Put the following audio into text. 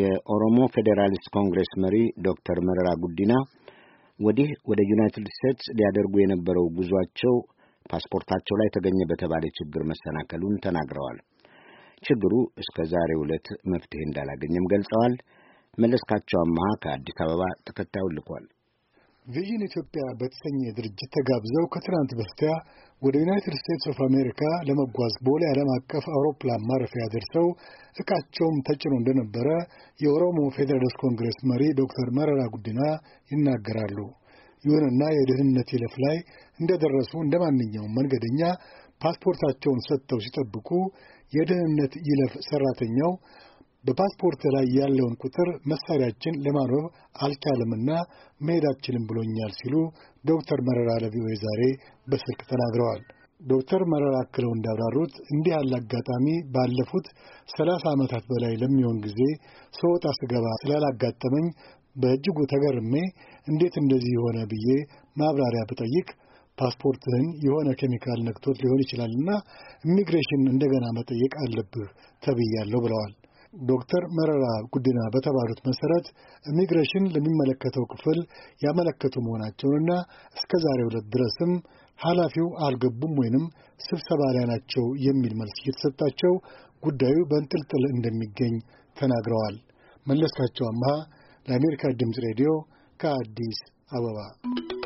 የኦሮሞ ፌዴራሊስት ኮንግሬስ መሪ ዶክተር መረራ ጉዲና ወዲህ ወደ ዩናይትድ ስቴትስ ሊያደርጉ የነበረው ጉዟቸው ፓስፖርታቸው ላይ ተገኘ በተባለ ችግር መሰናከሉን ተናግረዋል። ችግሩ እስከ ዛሬ ዕለት መፍትሄ እንዳላገኘም ገልጸዋል። መለስካቸው አመሃ ከአዲስ አበባ ተከታዩን ልኳል። ቪዥን ኢትዮጵያ በተሰኘ ድርጅት ተጋብዘው ከትናንት በስቲያ ወደ ዩናይትድ ስቴትስ ኦፍ አሜሪካ ለመጓዝ ቦሌ ዓለም አቀፍ አውሮፕላን ማረፊያ ደርሰው እቃቸውም ተጭኖ እንደነበረ የኦሮሞ ፌዴራሊስት ኮንግሬስ መሪ ዶክተር መረራ ጉዲና ይናገራሉ። ይሁንና የደህንነት ይለፍ ላይ እንደደረሱ እንደ ማንኛውም መንገደኛ ፓስፖርታቸውን ሰጥተው ሲጠብቁ የደህንነት ይለፍ ሰራተኛው በፓስፖርት ላይ ያለውን ቁጥር መሳሪያችን ለማንበብ አልቻለምና መሄዳችንም ብሎኛል ሲሉ ዶክተር መረራ ለቪኦኤ ዛሬ በስልክ ተናግረዋል። ዶክተር መረራ አክለው እንዳብራሩት እንዲህ ያለ አጋጣሚ ባለፉት ሰላሳ ዓመታት በላይ ለሚሆን ጊዜ ስወጣ ስገባ ስላላጋጠመኝ በእጅጉ ተገርሜ እንዴት እንደዚህ የሆነ ብዬ ማብራሪያ ብጠይቅ ፓስፖርትህን የሆነ ኬሚካል ነክቶት ሊሆን ይችላልና ኢሚግሬሽን እንደገና መጠየቅ አለብህ ተብያለሁ ብለዋል። ዶክተር መረራ ጉዲና በተባሉት መሰረት ኢሚግሬሽን ለሚመለከተው ክፍል ያመለከቱ መሆናቸውንና እስከ ዛሬ ዕለት ድረስም ኃላፊው አልገቡም ወይንም ስብሰባ ላይ ናቸው የሚል መልስ እየተሰጣቸው ጉዳዩ በእንጥልጥል እንደሚገኝ ተናግረዋል። መለስካቸው አምሃ ለአሜሪካ ድምፅ ሬዲዮ ከአዲስ አበባ